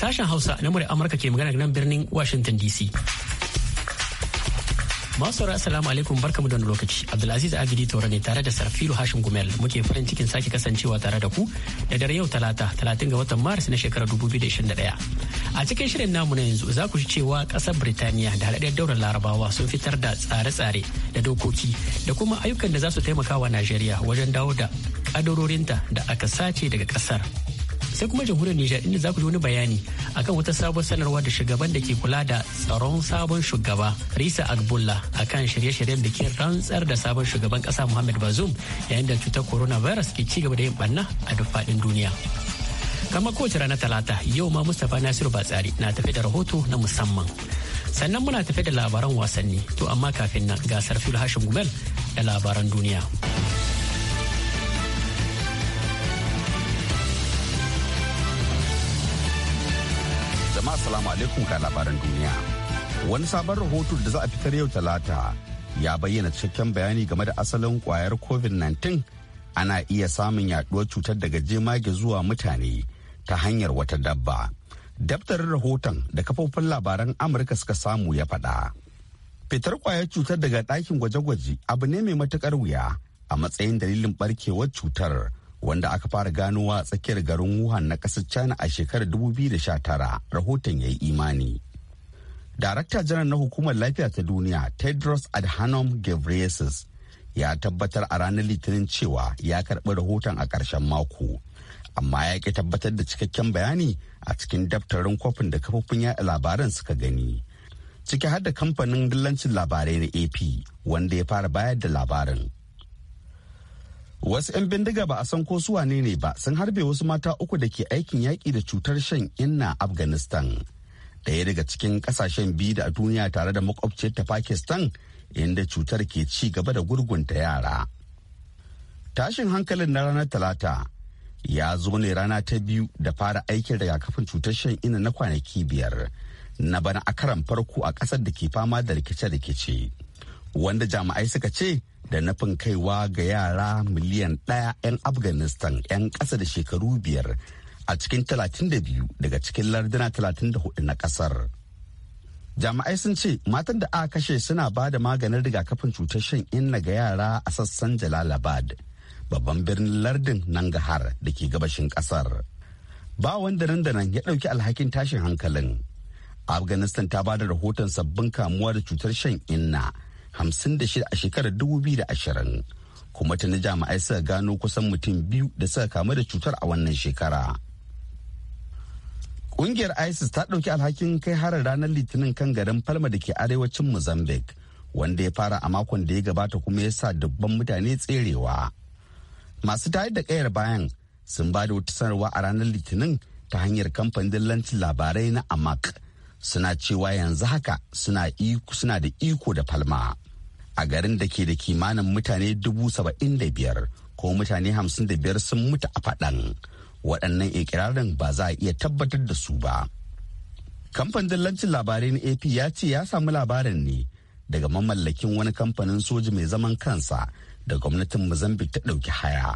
Sashen Hausa na muryar Amurka ke magana nan birnin Washington DC. Masu saurara assalamu alaikum barkamu da lokaci. Abdulaziz Agidi Tore ne tare da Sarfilu Hashim Gumel muke farin cikin sake kasancewa tare da ku da dare yau Talata talatin ga watan Maris na shekarar 2021. A cikin shirin namu na yanzu za ku ji cewa ƙasar Birtaniya da haɗaɗɗiyar daular Larabawa sun fitar da tsare-tsare da dokoki da kuma ayyukan da za su taimaka wa Najeriya wajen dawo da kadarorinta da aka sace daga ƙasar sai kuma jamhuriyar nijar inda za ku ji wani bayani akan wata sabon sanarwa da shugaban da ke kula da tsaron sabon shugaba risa agbulla akan shirye-shiryen da ke rantsar da sabon shugaban kasa muhammad bazoum yayin da cutar coronavirus ke cigaba da yin banna a duk faɗin duniya kama kowace ranar talata yau ma mustapha nasiru batsari na tafi da rahoto na musamman sannan muna tafi da labaran wasanni to amma kafin nan gasar fil hashin gumel da labaran duniya. assalamu alaikum ga labaran duniya. Wani sabon rahoto da za a fitar yau talata ya bayyana cikakken bayani game da asalin kwayar COVID-19 ana iya samun yaduwar cutar daga jemage zuwa mutane ta hanyar wata dabba. Daftarin rahoton da kafofin labaran Amurka suka samu ya faɗa. Fitar kwayar cutar daga ɗakin gwaje-gwaje abu ne mai matuƙar wuya a matsayin dalilin ɓarkewar cutar. wanda aka fara ganowa tsakiyar garin Wuhan na ƙasar China a shekarar 2019 rahoton ya yi imani. Darakta janar na hukumar lafiya ta duniya Tedros Adhanom Ghebreyesus ya tabbatar a ranar litinin cewa ya karɓi rahoton a ƙarshen mako amma ya ƙi tabbatar da cikakken bayani a cikin daftarin kwafin da kafofin yaɗa labaran suka gani ciki har da kamfanin dillancin labarai na ap wanda ya fara bayar da labarin wasu 'yan bindiga ba a san ko su wane ne ba sun harbe wasu mata uku da ke aikin yaƙi da cutar shan inna afghanistan ɗaya daga cikin ƙasashen biyu da a duniya tare da makwabciyar ta pakistan inda cutar ke ci gaba da gurgunta yara tashin hankalin na ranar talata ya zo ne rana ta biyu da fara aikin rigakafin cutar shan inna na kwanaki biyar na bana a karan farko a ƙasar da ke fama da rikice-rikice wanda jami'ai suka ce da nufin kaiwa ga yara miliyan ɗaya 'yan afghanistan 'yan ƙasa da shekaru biyar a cikin 32 daga cikin larduna 34 na ƙasar jami'ai sun ce matan da aka kashe suna ba da maganin rigakafin cutar shan inna ga yara a sassan jalalabad babban birnin lardin nan gahar da ke gabashin ƙasar ba wanda nan da nan ya ɗauki alhakin tashin hankalin afghanistan ta ba da rahoton sabbin kamuwa da cutar shan inna hamsin da 56 a shekarar da ashirin kuma tuni jami'ai suka gano kusan mutum biyu da suka kamu da cutar a wannan shekara. Ƙungiyar ISIS ta ɗauki alhakin kai harin ranar litinin kan garin Palma da ke arewacin Mozambique wanda ya fara a makon da ya gabata kuma ya sa dubban mutane tserewa. Masu tayar da kayar bayan sun ba da wata sanarwa a ranar litinin ta hanyar kamfanin lantin labarai na Amak. suna cewa yanzu haka suna da iko da falma a garin da ke da kimanin mutane dubu saba'in da biyar ko mutane hamsin da biyar sun mutu a faɗan waɗannan ikirarin ba za a iya tabbatar da su ba kamfanin dillancin labarai na ap ya ce ya samu labarin ne daga mamallakin wani kamfanin soji mai zaman kansa da gwamnatin mozambique ta ɗauki haya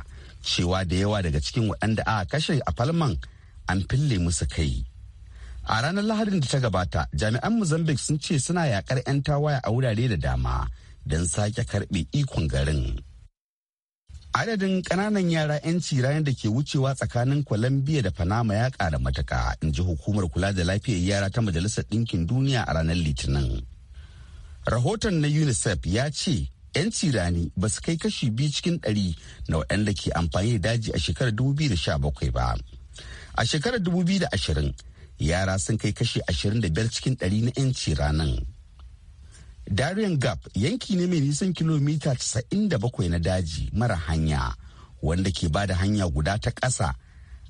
cewa da yawa daga cikin waɗanda aka kashe a falman an fille musu kai a ranar lahadin da ta gabata jami'an mozambique sun ce suna yakar 'yan tawaye a wurare da dama don sake karbe ikon garin. Adadin ƙananan yara 'yanci ranar da ke wucewa tsakanin Colombia da Panama ya ƙara mataka, in ji hukumar kula da lafiyar yara ta Majalisar Ɗinkin Duniya a ranar Litinin. Rahoton na UNICEF ya ce 'yanci rani ba su kai kashi biyu cikin ɗari na waɗanda ke amfani da daji a shekarar 2017 ba. A shekarar 2020 yara sun kai kashi 25 cikin ɗari na 'yanci ranan. Darien Gap yanki ne mai nisan kilomita 97 na daji mara hanya wanda ke ba da hanya guda ta ƙasa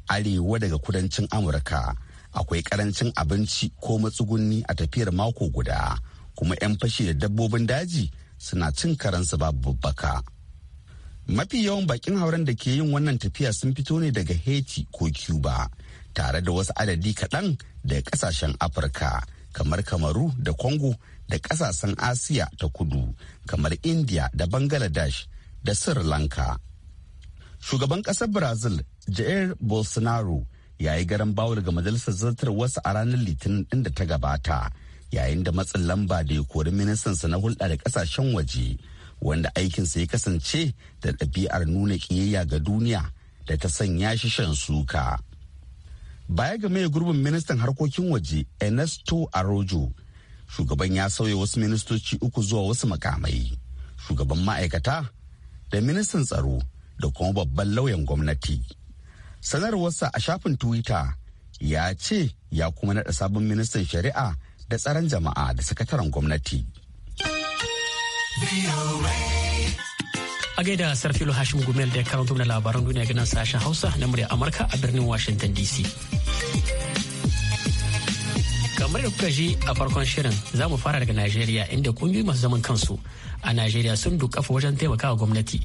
arewa daga kudancin Amurka. Akwai karancin abinci ko matsugunni a tafiyar mako guda kuma 'yan fashe da dabbobin daji suna cin karansu babu babbaka. Mafi yawan bakin hauren da ke yin wannan tafiya sun fito ne daga Haiti ko Cuba tare da wasu adadi kaɗan daga ƙasashen Afirka. kamar kamaru da congo da kasashen asiya ta kudu kamar india da bangladesh da sri lanka shugaban kasar brazil jair bolsonaro ya yi garan bawul ga majalisar zartar wasu a ranar litinin din da ta gabata yayin da matsin lamba da ya kori ministansa na hulɗa da kasashen waje wanda aikinsa ya kasance da ɗabi'ar nuna ƙiyayya ga duniya da ta sanya shi shan suka. baya ga mai gurbin ministan harkokin waje ernesto arojo shugaban ya sauya wasu ministoci uku zuwa wasu makamai shugaban ma'aikata da ministan tsaro da kuma babban lauyan gwamnati sanarwarsa a shafin twitter ya ce ya kuma naɗa sabon ministan shari'a da tsaron jama'a da sakataren gwamnati. A gaida Sarfilo Hashim Gumel da ya karanto mana labaran duniya ganin sashen Hausa na murya Amurka a birnin Washington DC. Kamar da kuka ji a farkon shirin za mu fara daga Najeriya inda kungiyoyi masu zaman kansu a Najeriya sun duk kafa wajen taimakawa gwamnati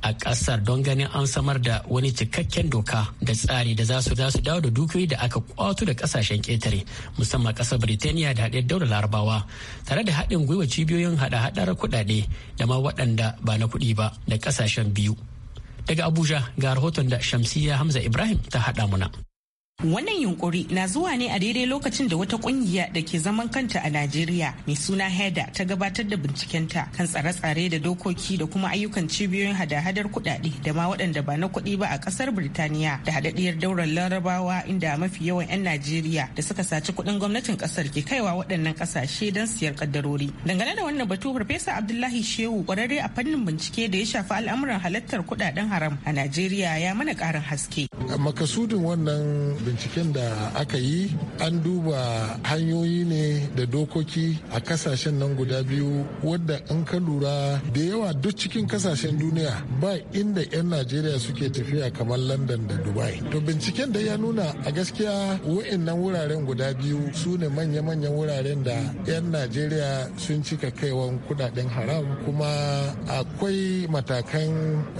a ƙasar don ganin an samar da wani cikakken doka da tsari da za su za su dawo da dukiyoyi da aka kwato da ƙasashen ƙetare musamman ƙasar Birtaniya da haɗe daular Larabawa tare da haɗin gwiwa cibiyoyin haɗa-haɗar kuɗaɗe da ma waɗanda ba na kuɗi ba da ƙasashen biyu. Daga Abuja ga rahoton da Shamsiyya Hamza Ibrahim ta haɗa muna. Wannan yunkuri na zuwa ne a daidai lokacin da wata kungiya da ke zaman kanta a Najeriya mai suna HEDA ta gabatar da bincikenta kan tsare-tsare da dokoki da kuma ayyukan cibiyoyin hada-hadar kudade da ma waɗanda ba na kuɗi ba a ƙasar Birtaniya da haɗaɗiyar daular larabawa inda mafi yawan 'yan Najeriya da suka saci kuɗin gwamnatin ƙasar ke kaiwa waɗannan ƙasashe don siyar ƙaddarori Dangane da wannan batu Farfesa Abdullahi Shehu ƙwararre a fannin bincike da ya shafi al'amuran halartar kuɗaɗen haram a Najeriya ya mana ƙarin haske. Makasudin binciken da aka yi an duba hanyoyi ne da dokoki a kasashen nan guda biyu wadda an ka lura da yawa duk cikin kasashen duniya ba inda 'yan najeriya suke tafiya kamar london da dubai to binciken da ya nuna a gaskiya wa'annan wuraren guda biyu su ne manya-manyan wuraren da 'yan najeriya sun cika kaiwan kudaden haram kuma akwai matakan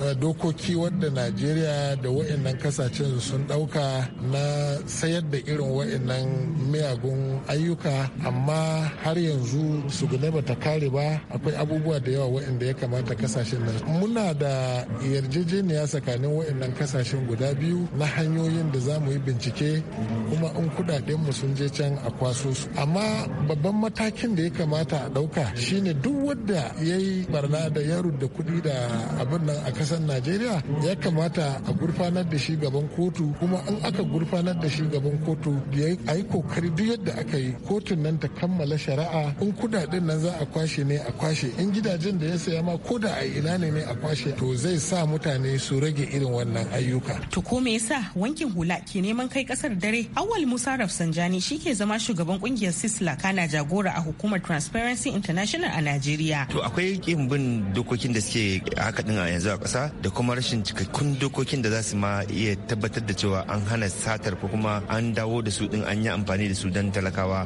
eh, dokoki wadda najeriya da wa'annan kasashen sun dauka na sayar da irin wa'annan miyagun ayyuka amma har yanzu ba bata kare ba akwai abubuwa da yawa wa'anda ya kamata kasashen nan muna da yarjejeniya tsakanin wa'annan kasashen guda biyu na hanyoyin da za mu yi bincike kuma in kudaden mu sun je can a kwaso su amma babban matakin da ya kamata a dauka shine duk wanda ya yi barna da ya da kuɗi da abin nan a kasar najeriya ya kamata a gurfanar da shi gaban kotu kuma in aka gurfanar sanar da shugaban gaban kotu ya yi kokari duk yadda aka yi kotun nan ta kammala shari'a in kudaden nan za a kwashe ne a kwashe in gidajen da ya saya ma ko da a ina ne ne a kwashe to zai sa mutane su rage irin wannan ayyuka. To ko me yasa wankin hula ke neman kai kasar dare? Awal Musa Rafsanjani shi ke zama shugaban kungiyar Sisla kana jagora a hukumar Transparency International a nigeria. To akwai kin bin dokokin da suke haka din a yanzu a kasa da kuma rashin cikakkun dokokin da za su ma iya tabbatar da cewa an hana satar ko kuma an dawo da su din an yi amfani da su don talakawa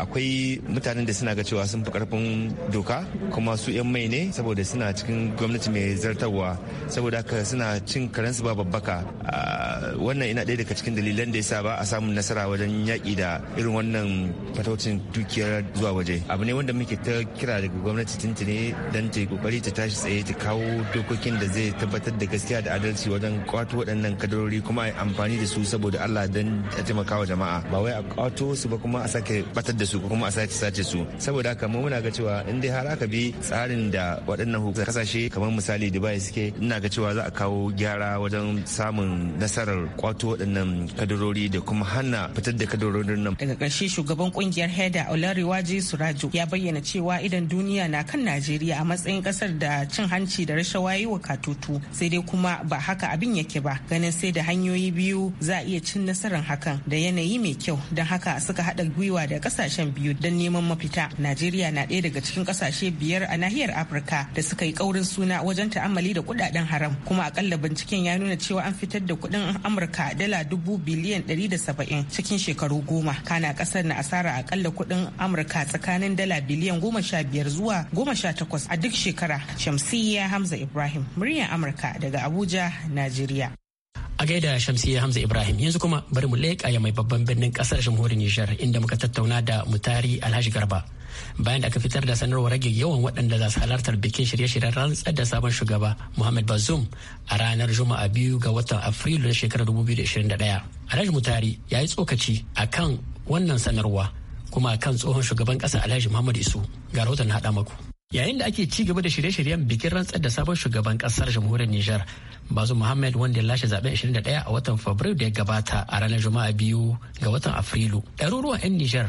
akwai mutanen da suna ga cewa sun fi karfin doka kuma su 'yan mai ne saboda suna cikin gwamnati mai zartarwa saboda haka suna cin karensu ba babbaka wannan ina ɗaya daga cikin dalilan da yasa ba a samu nasara wajen yaki da irin wannan fataucin dukiyar zuwa waje abu ne wanda muke ta kira daga gwamnati tuntune don ta kokari ta tashi tsaye ta kawo dokokin da zai tabbatar da gaskiya da adalci wajen kwato waɗannan kadarori kuma a amfani da su saboda Allah don a taimaka wa jama'a ba wai a kwato su ba kuma a sake batar da su ko kuma a sake sace su saboda haka mu muna ga cewa in dai har aka bi tsarin da waɗannan hukumar kasashe kamar misali Dubai suke ina ga cewa za a kawo gyara wajen samun nasarar kwato waɗannan kadarori da kuma hana fitar da kadarorin nan daga ƙarshe shugaban kungiyar Heda Olariwaji Suraju ya bayyana cewa idan duniya na kan Najeriya a matsayin kasar da cin hanci da rashawa yi wa katutu sai dai kuma ba haka abin yake ba ganin sai da hanyoyi biyu za a iya cin nasarar hakan da yanayi mai kyau don haka suka haɗa gwiwa da ƙasashen biyu don neman mafita najeriya na ɗaya daga cikin ƙasashe biyar a nahiyar afirka da suka yi ƙaurin suna wajen ta'ammali da kuɗaɗen haram kuma akalla binciken ya nuna cewa an fitar da kuɗin amurka dala dubu biliyan ɗari da saba'in cikin shekaru goma kana ƙasar na asara akalla kuɗin amurka tsakanin dala biliyan goma sha biyar zuwa goma sha takwas a duk shekara shamsiyya hamza ibrahim muryar amurka daga abuja najeriya A gaida Shamsiyya Hamza Ibrahim yanzu kuma bari mu leƙa ya mai babban birnin ƙasar jamhuriyar Nijar inda muka tattauna da mutari Alhaji Garba. Bayan da aka fitar da sanarwar rage yawan waɗanda za su halartar bikin shirye-shiryen rantsar da sabon shugaba Muhammad Bazum. a ranar Juma'a biyu ga watan Afrilu na shekarar 2021. Alhaji Mutari ya yi tsokaci a kan wannan sanarwa kuma a kan tsohon shugaban ƙasa Alhaji Muhammad Isu ga rahoton haɗa maku. Yayin da ake ci gaba da shirye-shiryen bikin rantsar da sabon shugaban kasar jamhuriyar Nijar, Bazu Muhammad wanda ya lashe zaben 21 a watan Fabrairu da ya gabata a ranar Juma'a biyu ga watan Afrilu. Ɗaruruwan 'yan Nijar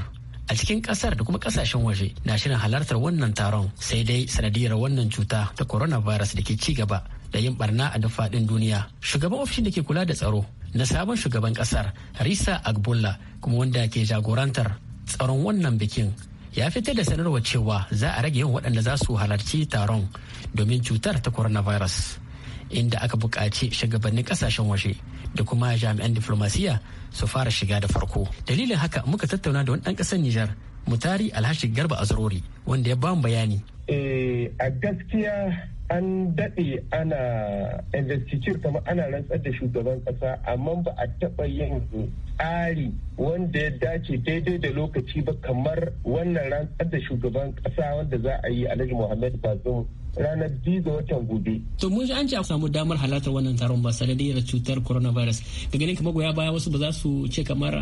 a cikin kasar da kuma kasashen waje na shirin halartar wannan taron sai dai sanadiyar wannan cuta ta coronavirus da ke ci gaba da yin barna a dafaɗin faɗin duniya shugaban ofishin da ke kula da tsaro na sabon shugaban kasar risa agbola kuma wanda ke jagorantar tsaron wannan bikin ya fitar da sanarwar cewa za a rage yawan waɗanda za su halarci taron domin cutar ta coronavirus inda aka buƙaci shugabannin ƙasashen waje da kuma jami'an diflomasiya su fara shiga da farko dalilin haka muka tattauna da wani ɗan ƙasar nijar mutari alhashi garba azurori wanda ya bamu bayani eh, a gaskiya an daɗe ana investiture kamar ana rantsar da shugaban ƙasa amma ba a taɓa yin tsari wanda ya dace daidai da lokaci ba kamar wannan rantsar da shugaban kasa wanda za a yi alhaji muhammad bazoum ranar biyu ga watan gobe. to mun an ce a samu damar halartar wannan taron ba sanadiyar cutar coronavirus daga ganin kamar goya baya wasu ba za su ce kamar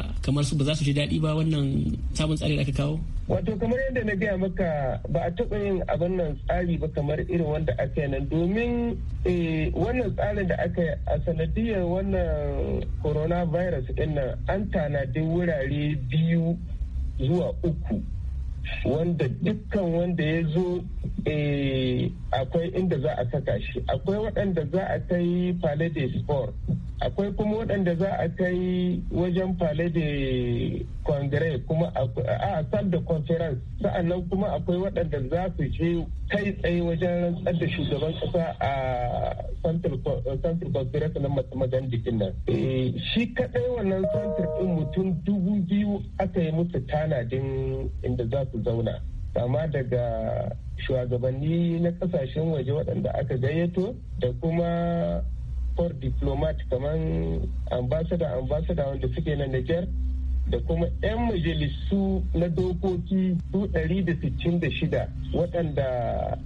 su ba za su ji daɗi ba wannan sabon tsari da aka kawo. wato kamar yadda na gaya maka ba a taɓa yin abin nan tsari ba kamar irin wanda aka yi nan domin eh, wannan tsarin da aka yi a sanadiyar wannan coronavirus din nan an tanadi wurare biyu zuwa uku wanda dukkan wanda ya zo eh, akwai inda za a saka shi akwai waɗanda za a ta yi palade sport akwai kuma waɗanda za a ta yi wajen palade congress kuma a sal da conference sa'annan kuma akwai waɗanda za su je kai tsaye wajen rantsar da shugaban kasa a central conference na magan jikin nan eh, shi kaɗai wannan central ɗin mutum dubu biyu aka yi musu tanadin inda za su zauna kama daga shugabanni na kasashen waje waɗanda aka gayyato da kuma for diplomat kamar ambassador ambassador wanda suke na Niger da kuma 'yan majalisu na dokoki su 166 waɗanda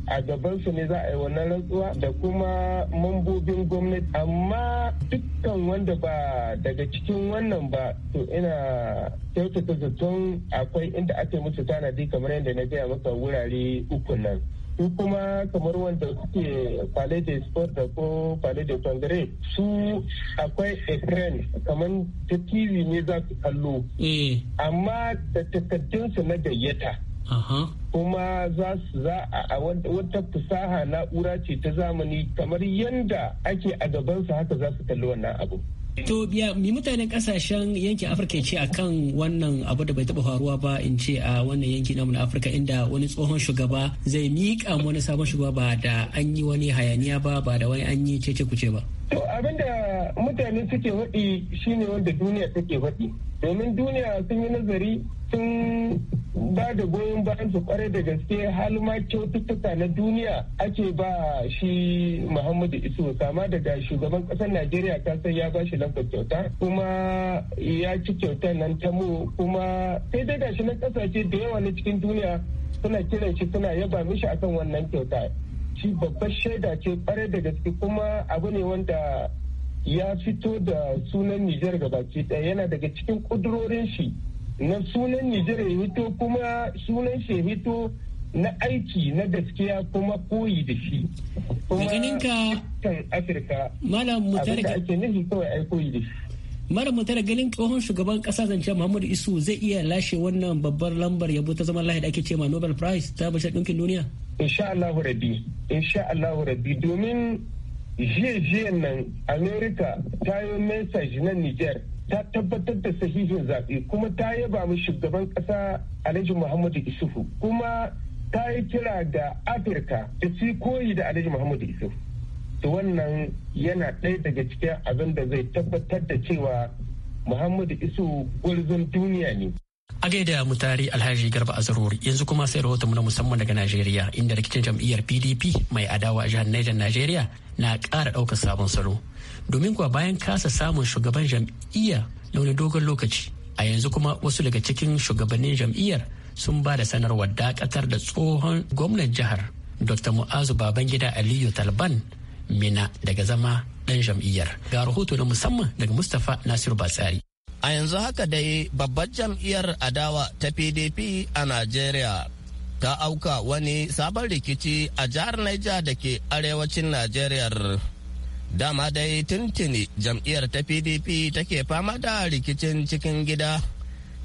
a gabansu ne za a yi wannan rantsuwa da kuma mambobin gwamnati amma dukkan wanda ba daga cikin wannan ba to ina kyautata zaton akwai inda ake musu tanadi kamar yadda na gaya maka wurare uku nan su kuma kamar wanda suke palais de sport da ko palais de congrès su akwai ekran kamar ta tv ne za su kallo eh. amma da takardunsu na gayyata kuma za a wata fusaha na'ura ce ta zamani kamar yadda ake a gabansa haka za su kalli wannan abu To biya mi mutanen kasashen yankin Afirka ce akan wannan abu da bai taba faruwa ba in ce a wannan yanki namu na Afirka inda wani tsohon shugaba zai miƙa wani sabon shugaba ba da an yi wani hayaniya ba ba da wani an yi cece kuce ba. To abinda mutane suke waɗi shine wanda duniya take waɗi. Domin duniya sun yi nazari sun ba da goyon bayan su kwarai da gaske hal ma kyaututtuka na duniya ake ba shi muhammadu isu kama daga shugaban kasar najeriya ta san ya ba shi lambar kyauta kuma ya ci kyautar nan ta mu kuma sai dai shi na kasashe da yawa na cikin duniya suna kiran shi suna yaba mishi akan wannan kyauta shi babbar shaida ce kwarai da gaske kuma abu ne wanda ya fito da sunan Nijar gabaki ɗaya yana daga cikin ƙudurorin shi na sunan Nijar ya hito kuma sunan shi hito na aiki na gaskiya kuma koyi da shi. Kuma kan Afirka malam mutar da ake nufi kawai ai koyi da shi. Malam mutar ganin tsohon shugaban kasa zance Muhammadu Isu zai iya lashe wannan babbar lambar yabo ta zaman lahi da ake cewa Nobel Prize ta bashar ɗinkin duniya. Insha Allahu Rabbi, insha Allahu Rabbi domin jiya jiya nan Amerika ta yi message na Nijar ta tabbatar da sahihin zaɓe kuma ta yaba mu shugaban ƙasa alhaji muhammadu isufu kuma ta yi kira da afirka ta ci koyi da alhaji muhammadu isufu to wannan yana ɗaya daga cikin abin da zai tabbatar da cewa muhammadu isu gwarzon duniya ne a gaida mutari alhaji garba azarori yanzu kuma sai rahoton na musamman daga najeriya inda rikicin jam'iyyar pdp mai adawa a jihar niger najeriya na ƙara ɗaukar sabon salo domin kuwa bayan kasa samun shugaban jam'iyya na wani dogon lokaci a yanzu kuma wasu daga cikin shugabannin jam'iyyar sun ba da sanarwar dakatar da tsohon gwamnan jihar dr mu'azu babangida aliyu talban mina daga zama dan jam'iyyar ga rahoto na musamman daga mustapha nasiru batsari a yanzu haka dai babbar jam'iyyar adawa ta pdp a najeriya ta auka wani sabon rikici a jihar Niger da ke arewacin Najeriya. dama dai tuntuni jam'iyyar ta pdp take fama da rikicin cikin gida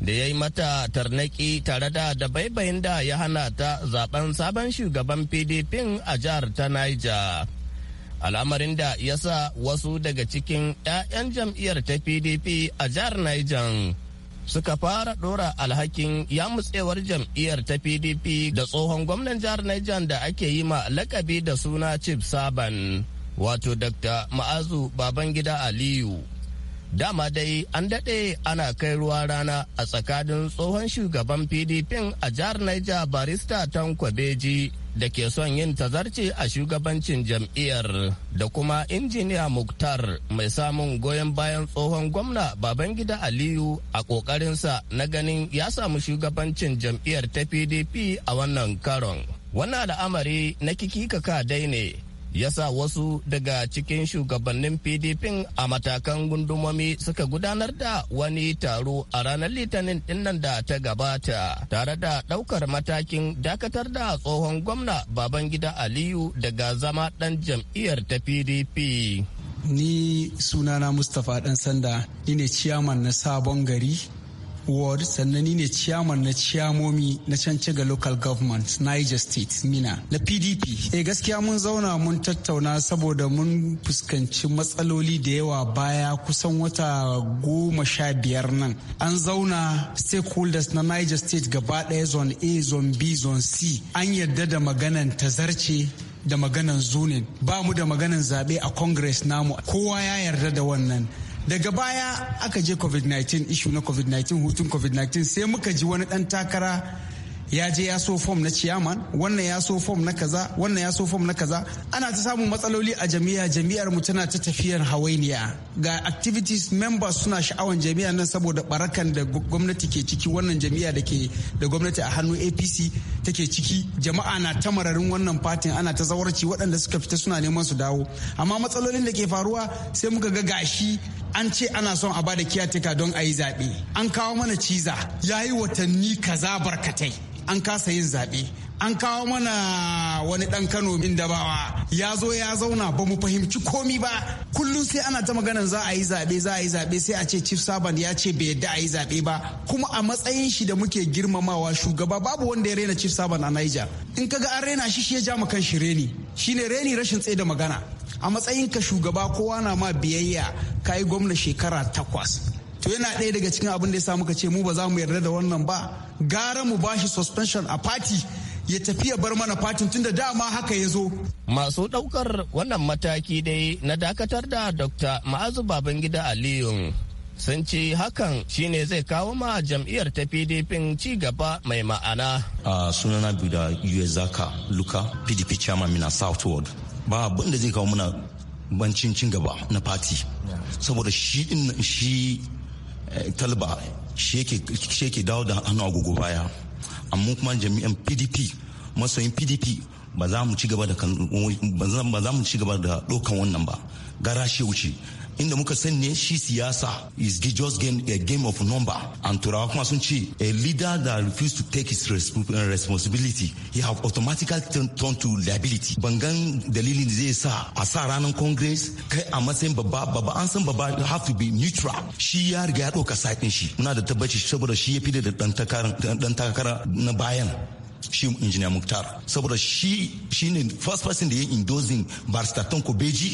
da ya yi mata tarnaki tare da dabaibayin da ya hana ta zaben sabon shugaban pdp a jihar ta niger al'amarin da ya sa wasu daga cikin 'ya'yan jam'iyyar ta pdp a jihar niger suka fara dora alhakin ya mutsewar jam'iyyar ta pdp da tsohon gwamnan jihar niger da ake yi ma lakabi da suna chief saban wato dr ma'azu babangida aliyu dama dai an daɗe ana kai ruwa rana a tsakanin tsohon shugaban pdp a jihar niger barista tanko beji da ke son yin tazarce a shugabancin jam'iyyar da kuma injiniya muktar mai samun goyon bayan tsohon gwamna babangida aliyu a ƙoƙarinsa na ganin ya samu shugabancin jam'iyyar ta pdp a wannan karon wannan al'amari na kikika dai ne ya sa wasu daga cikin shugabannin pdp a matakan gundumomi suka gudanar da wani taro a ranar litinin dinnan da ta gabata tare da daukar matakin dakatar da tsohon gwamna babangida aliyu daga zama dan jam'iyyar ta pdp ni sunana mustapha dan sanda ni ne ciyaman na sabon gari ward sannan ni ne chairman na ciyamomi na ga local government niger state mina na pdp eh gaskiya mun zauna mun tattauna saboda mun fuskanci matsaloli da yawa baya kusan wata goma sha biyar nan an zauna stakeholders na niger state gaba daya zone a zone b zone c an yarda da maganan zarce da maganan zunin ba mu da maganan zaɓe a congress namu kowa ya yarda da wannan daga baya aka je covid-19 ishu na covid-19 hutun covid-19 sai muka ji wani dan takara ya je ya so fom na ciyaman wannan ya so fom na kaza wannan ya so fom na kaza ana ta samun matsaloli a jami'a jami'ar mu tana ta tafiyar hawainiya ga activities members suna sha'awan jami'a nan saboda barakan da gwamnati ke ciki wannan jami'a da ke da gwamnati a hannu apc take ciki jama'a na ta mararin wannan fatin ana ta zawarci waɗanda suka fita suna neman su dawo amma matsalolin da ke faruwa sai muka ga gashi an ce ana son a bada kiyatika don a yi zaɓe an kawo mana ciza ya yi watanni kaza barkatai an kasa yin zaɓe an kawo mana wani ɗan kano min dabawa ya zo ya zauna ba mu fahimci komi ba kullum sai ana ta maganar za a yi zaɓe za a yi zaɓe sai a ce chief servant ya ce bai yadda a yi zaɓe ba kuma a matsayin shi da muke girmamawa shugaba babu wanda ya rena chief servant a niger in kaga an rena shi shi ya ja kan shi reni shine reni rashin tsaye da magana a matsayin ka shugaba kowa na ma biyayya ka yi gwamna shekara takwas to yana ɗaya daga cikin abin da ya sa muka ce mu ba za mu yarda da wannan ba gara mu bashi suspension a fati ya tafi ya bar mana fatin tunda dama haka ya zo. Masu ɗaukar wannan mataki dai na dakatar da Dr. Ma'azu Babangida Aliyu sun ce hakan shine zai kawo ma jam'iyyar ta PDP ci gaba mai ma'ana. A sunana Bida Zaka Luka, PDP Chairman Mina Southward. ba abin da zai kawo mana bancin cin gaba na fati saboda shi shi eh, talba shi yake dawo da hannu agogo baya amma kuma jami'an pdp masoyin pdp ba za mu ci gaba da ɗaukan wannan ba gara shi wuce inda muka san ne shi siyasa is just game, a game of number and turawa kuma sun ce a leader that refuse to take his uh, responsibility he have automatically turned to liability bangan dalilin da zai sa a sa ranar congress kai a matsayin babba babba an san babba have to be neutral shi ya riga ya ɗauka sa'in shi muna da tabbaci saboda shi ya fi da dan takara na bayan shi injiniya muktar saboda shi ne first person da ya indozin barista tanko beji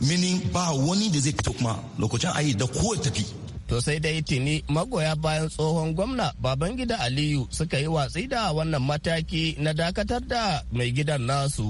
mini ba wani da zai fito kuma lokacin ayi da ko tafi to sai dai tuni magoya bayan tsohon gwamna babangida aliyu suka yi watsi da wannan mataki na dakatar da mai gidan nasu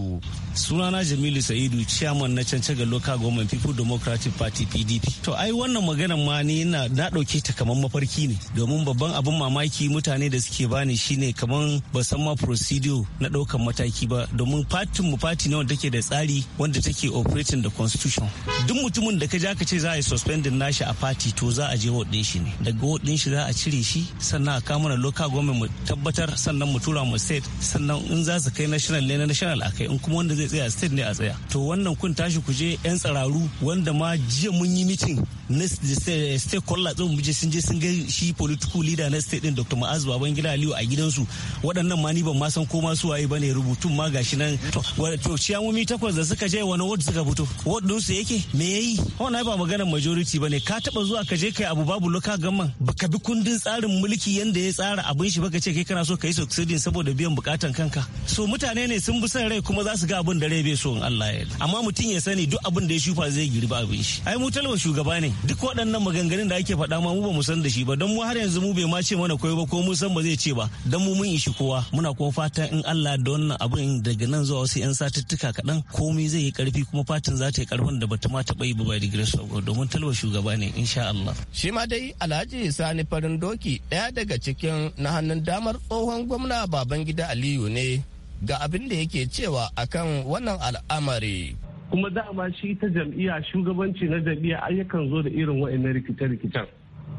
sunana jamilu sa'idu chairman na cancaga local government people democratic party pdp to ai wannan maganan ma ni na dauke ta kamar mafarki ne domin babban abin mamaki mutane da suke bani shine kamar ba san ma procedure na daukan mataki ba domin party mu party ne wanda take da tsari wanda take operating the constitution duk mutumin da ka ja ka ce za a yi suspending nashi a party to za a je ward din shi ne daga ward din shi za a cire shi sannan a kama na local government mu tabbatar sannan mu tura mu state sannan in za su kai national ne na national akai kai in kuma wanda zai ne tsaya state ne a tsaya to wannan kun tashi ku je yan tsararu wanda ma jiya mun yi mitin na eh, state kolla din mu je sun je sun ga shi political leader na state din Dr. ma'az Babangida Aliyu a gidansu waɗannan ma ni ban ma san ko ma su waye bane rubutun ma gashi nan to ciyamomi takwas da suka je wani ward suka fito ward din su yake me yayi wannan ba maganar majority bane ka taba zuwa ka je kai abu babu loka gamman baka bi kundin tsarin mulki yanda ya tsara abin shi baka ce kai kana so kai succeeding saboda biyan bukatan kanka so mutane ne sun bi son rai kuma za su ga abin abin da rai bai so in Allah ya yi amma mutum ya sani duk abin da ya shufa zai girba abin shi ai mu talaba shugaba ne duk waɗannan maganganun da ake faɗa ma mu ba mu san da shi ba don mu har yanzu mu bai ma ce mana koyo ba ko mu san ba zai ce ba don mu mun ishi kowa muna kuma fata in Allah da wannan abin daga nan zuwa wasu 'yan satuttuka kaɗan komai zai yi karfi kuma fatan za ta yi karfin da bata ma taɓa yi ba da the grace domin talaba shugaba ne insha Allah. Shi ma dai Alhaji Sani Farin Doki daya daga cikin na hannun damar tsohon gwamna Babangida Aliyu ne ga abin da yake cewa akan wannan al'amari. Kuma dama shi ta jam'iyya shugabanci na jam'iyya ayyukan zo da irin wa'annan rikice-rikicen.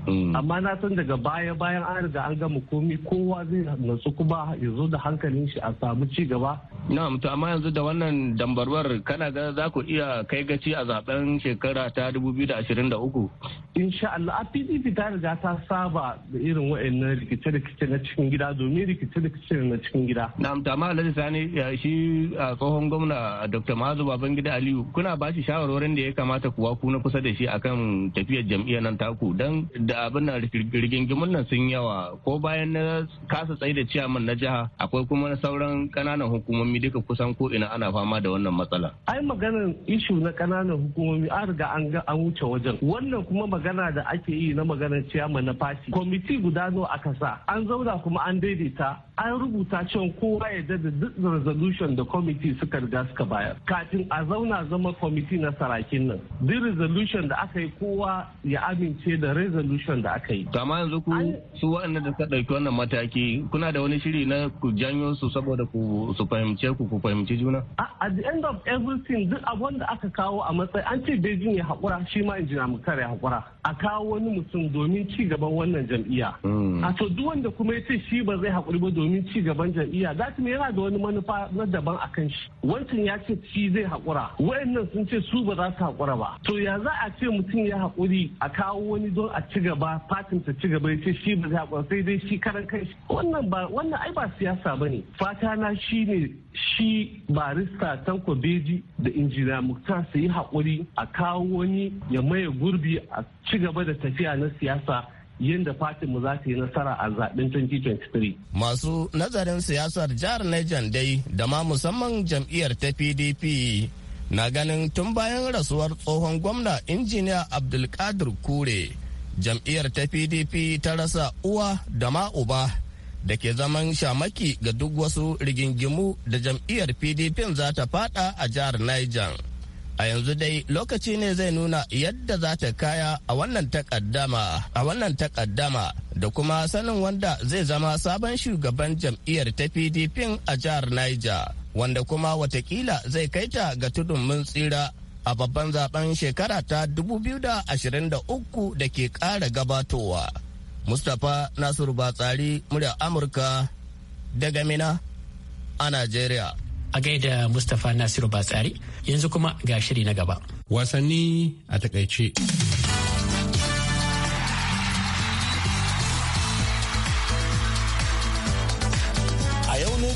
Mm. amma na san daga baya bayan an riga an gama komai kowa zai natsu kuma ya zo da hankalin shi a samu ci gaba na to amma yanzu da wannan dambarwar kana ga za ku iya kai gaci a zaben shekara ta 2023 insha Allah PDP ta riga ta saba da irin wa'annan rikice-rikice na cikin gida domin rikice-rikice na cikin gida na to amma Alhaji Sani shi a tsohon gwamna Dr. Mazu Babangida Aliyu kuna ba shi shawarwarin da ya kamata kuwa ku na kusa da shi akan tafiyar jam'iyyar nan taku dan da abin rigingimun nan sun yawa ko bayan na kasa tsaye da ciyaman na jiha akwai kuma na sauran kananan hukumomi duka kusan ko ina ana fama da wannan matsala. Ai maganar ishu na kananan hukumomi an riga an ga an wuce wajen. Wannan kuma magana da ake yi na maganar ciyaman na fashi. Kwamiti guda nawa aka sa an zauna kuma an daidaita an rubuta cewa kowa ya da duk resolution da kwamiti suka riga suka bayar. Kafin a zauna zama kwamiti na sarakin nan. Duk resolution da aka yi kowa ya amince da resolution election da aka yi. To amma yanzu ku su waɗanda da suka ɗauki wannan mataki kuna da wani shiri na ku janyo su saboda ku su fahimce ku ku fahimci juna? At the end of everything duk abin da aka kawo a matsayi an ce Beijing ya haƙura shi ma injina mukar ya haƙura. A kawo wani mutum domin ci gaban wannan jam'iyya. Hmm. A to duk wanda kuma ya ce shi ba zai haƙuri ba domin ci gaban jam'iyya za yana da wani manufa na daban a kan shi. Wancan ya ce shi zai haƙura. Wa'annan sun ce su ba za su haƙura ba. To ya za a ce mutum ya haƙuri a kawo wani don a ci gaba fatin ta ci gaba ce shi ba zai sai dai shi karan kai wannan ba wannan ai ba siyasa bane fata na ne shi barista Tanko Beji da injiniya Muktar su yi haƙuri a kawo wani ya maye gurbi a ci gaba da tafiya na siyasa yadda fatin mu za ta yi nasara a zaben 2023. Masu nazarin siyasar jihar Niger dai da ma musamman jam'iyyar ta PDP na ganin tun bayan rasuwar tsohon gwamna injiniya Abdulkadir Kure. jam'iyyar ta pdp ta rasa uwa da ma uba da ke zaman shamaki ga duk wasu rigingimu da jam'iyyar pdp za ta fada a jihar niger a yanzu dai lokaci ne zai nuna yadda za ta kaya a wannan takaddama a wannan takaddama da kuma sanin wanda zai zama sabon shugaban jam'iyyar ta pdp a jihar niger wanda kuma watakila zai kaita ga tudun mun tsira a babban zaben shekara ta 2023 da ke ƙara gabatowa. Mustapha Nasiru Batsari murya Amurka daga Mina a Najeriya. A gaida Mustapha Nasiru Batsari yanzu kuma ga shiri na gaba. Wasanni a takaice.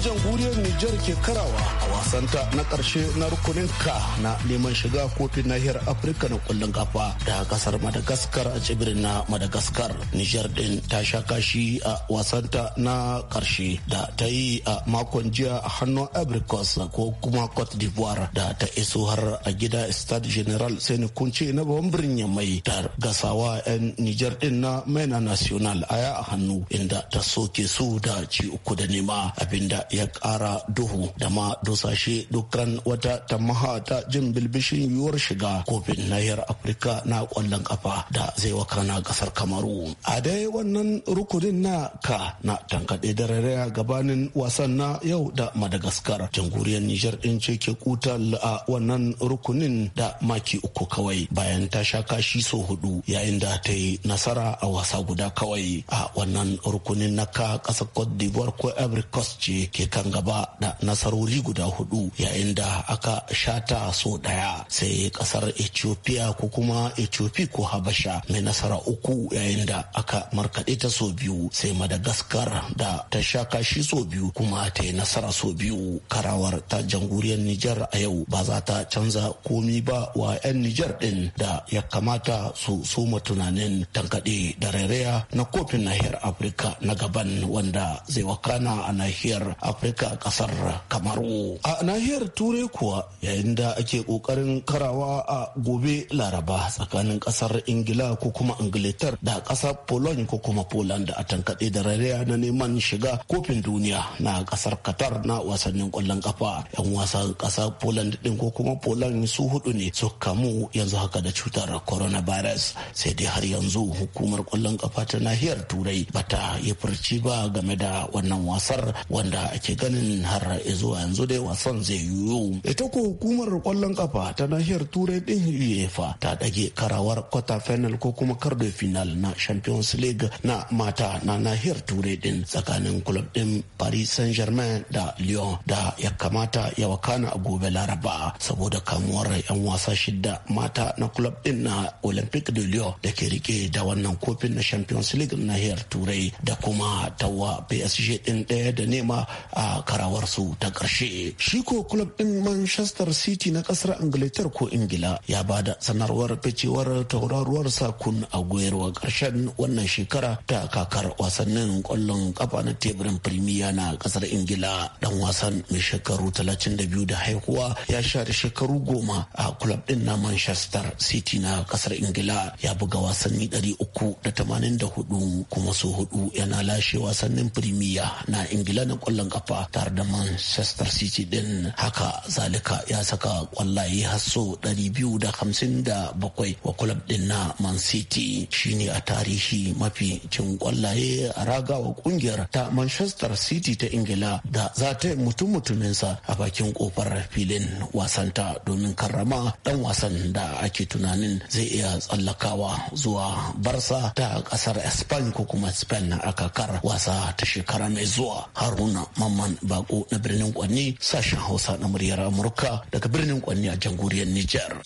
jamhuriyar Nijar ke karawa a wasanta na ƙarshe na rukunin ka na neman shiga kofin nahiyar Afirka na kullun kafa da kasar madagaskar a tsibirin na madagaskar Nijar din ta sha kashi a wasanta na ƙarshe da ta yi a makon jiya a hannun Abricos ko kuma Cote d'Ivoire da ta iso har a gida Stade General Sani Kunce na babban birnin mai da gasawa 'yan Nijar din na maina National aya a hannu inda ta soke su da ci uku da nema abinda ya ƙara duhu da ma dusashe dukkan wata tamaha ta jin bilbishin yiwuwar shiga kofin nahiyar afirka na kwallon kafa da zai wakana ƙasar kamaru a dai wannan rukunin na ka na tankaɗe da raraya gabanin wasan na yau da madagascar jamhuriyar nijar din ce ke kutal a wannan rukunin da maki uku kawai bayan ta sha kashi so hudu yayin da ta yi nasara a wasa guda kawai a wannan rukunin na ka ƙasar cote d'ivoire ko ivory ce ke kan gaba da nasarori guda hudu yayin da aka shata so daya sai kasar ethiopia ko kuma ethiopia ko habasha mai nasara uku yayin da aka markaɗe ta so biyu sai madagascar da ta sha kashi so biyu kuma ta yi nasara so biyu karawar ta jamhuriyar nijar a yau ba za ta canza komi ba wa 'yan nijar din da ya kamata su soma tunanin tankaɗe da rairaya na kofin nahiyar afirka na gaban wanda zai wakana a nahiyar afirka a kasar kamaru a nahiyar turai kuwa yayin da ake kokarin karawa a gobe laraba tsakanin kasar ingila ko kuma ingilitar da kasar poland ko kuma poland a tankaɗe da rariya na neman shiga kofin duniya na kasar qatar na wasannin kwallon kafa yan wasan kasar poland din ko kuma poland su hudu ne su kamu yanzu haka da cutar coronavirus sai dai har yanzu hukumar kwallon kafa ta nahiyar turai bata yi furci ba game da wannan wasar wanda ake ganin har zuwa yanzu dai wasan zai yiwu ita ko hukumar kwallon kafa ta nahiyar turai din uefa ta dage karawar kwata final ko kuma kardo final na champions league na mata na nahiyar turai din tsakanin club din paris saint germain da lyon da ya kamata ya wakana a gobe laraba saboda kamuwar 'yan wasa shida mata na club din na olympic de lyon da ke rike da wannan kofin na champions league na nahiyar turai da kuma tawa psg din ɗaya da nema a karawarsu ta ƙarshe. Shi ko club ɗin Manchester City na ƙasar Angletar ko Ingila ya ba da sanarwar ficewar tauraruwar sa kun a ƙarshen wannan shekara ta kakar wasannin ƙwallon ƙafa na teburin Premier na ƙasar Ingila. Dan wasan mai shekaru 32 da haihuwa ya sha da shekaru goma a club ɗin na Manchester City na ƙasar Ingila ya buga wasanni 384 kuma su hudu yana lashe wasannin Premier na Ingila na ƙwallon ƙafa kafa tare da manchester city din haka zalika ya saka kwallaye hasso 257 wa kulab din na man city shine a tarihi mafi cin kwallaye a raga wa kungiyar ta manchester city ta ingila da za ta mutum mutuminsa a bakin kofar filin wasanta domin karrama dan wasan da ake tunanin zai iya tsallakawa zuwa barsa ta kasar spain ko kuma spain a kakar wasa ta shekara mai zuwa haruna Mamman Bako na birnin Kwanni sashen Hausa na muryar Amurka daga birnin Kwanni a jamhuriyar Nijar.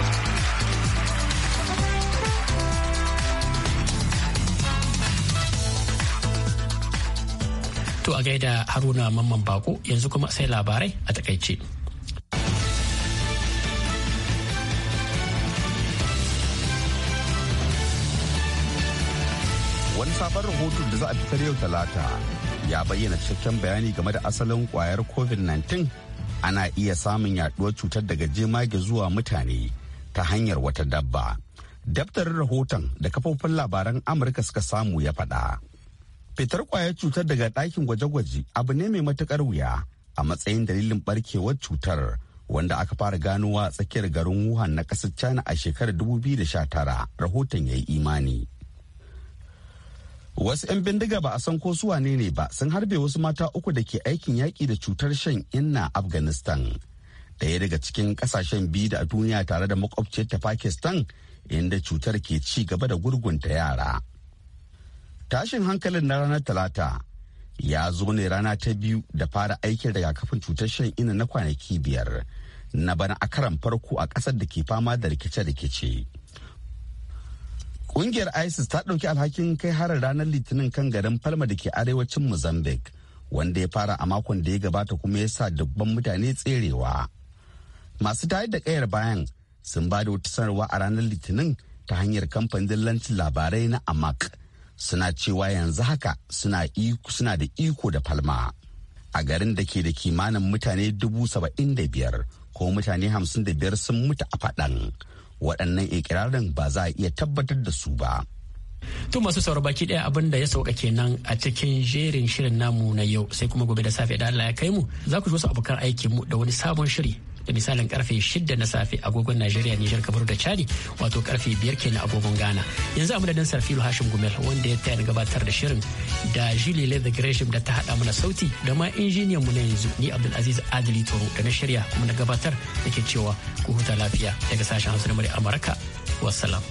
To a gaida Haruna Mamman Bako yanzu kuma sai labarai a takaice. Wani sabon rahoton da za a fitar yau talata ya bayyana cikakken bayani game da asalin kwayar covid-19 ana iya samun yaduwar cutar daga jemage zuwa mutane ta hanyar wata dabba daftarin rahoton da kafofin labaran amurka suka samu ya faɗa fitar kwayar cutar daga ɗakin gwaje-gwaje abu ne mai matuƙar wuya a matsayin dalilin barkewar cutar wanda aka fara ganowa tsakiyar garin wuhan na ƙasar china a shekarar 2019 rahoton ya yi imani wasu 'yan bindiga ba a san ko su wane ne ba sun harbe wasu mata uku da ke aikin yaƙi da cutar shan inna afghanistan ɗaya daga cikin ƙasashen biyu da a duniya tare da makwabciyar ta pakistan inda cutar ke ci gaba da gurgunta yara tashin hankalin na ranar talata ya zo ne rana ta biyu da fara aikin rigakafin cutar shan inna na kwanaki biyar na bana a karan farko a ƙasar da ke fama da rikice-rikice Kungiyar ISIS ta ɗauki alhakin kai harar ranar Litinin kan garin Palma da ke arewacin Mozambique, wanda ya fara a makon da ya gabata kuma ya sa dubban mutane tserewa. Masu tayar da kayar bayan sun ba da wata sanarwa a ranar Litinin ta hanyar kamfanin dillancin labarai na Amak. Suna cewa yanzu haka suna da iko da Palma. A garin da ke da kimanin mutane dubu saba'in da biyar ko mutane hamsin da biyar sun mutu a faɗan. waɗannan ikirarin ba za a iya tabbatar da su ba. tun masu sauro baki ɗaya abin da ya sauka kenan a cikin jerin shirin namu na yau sai kuma gobe da safe da Allah ya kai mu za ku ji wasu abokan aikin mu da wani sabon shiri da misalin karfe 6 na safe agogon Najeriya Niger kamar da Chadi wato karfe 5 kenan agogon Ghana yanzu a madadin Sarfilu Hashim Gumel wanda ya tayar gabatar da shirin da Julie the Gresham da ta hada mana sauti da ma injiniyan mu na yanzu ni Abdulaziz Adili Toro da na shirya kuma na gabatar yake cewa ku huta lafiya daga sashen Hausa na Amurka wassalam.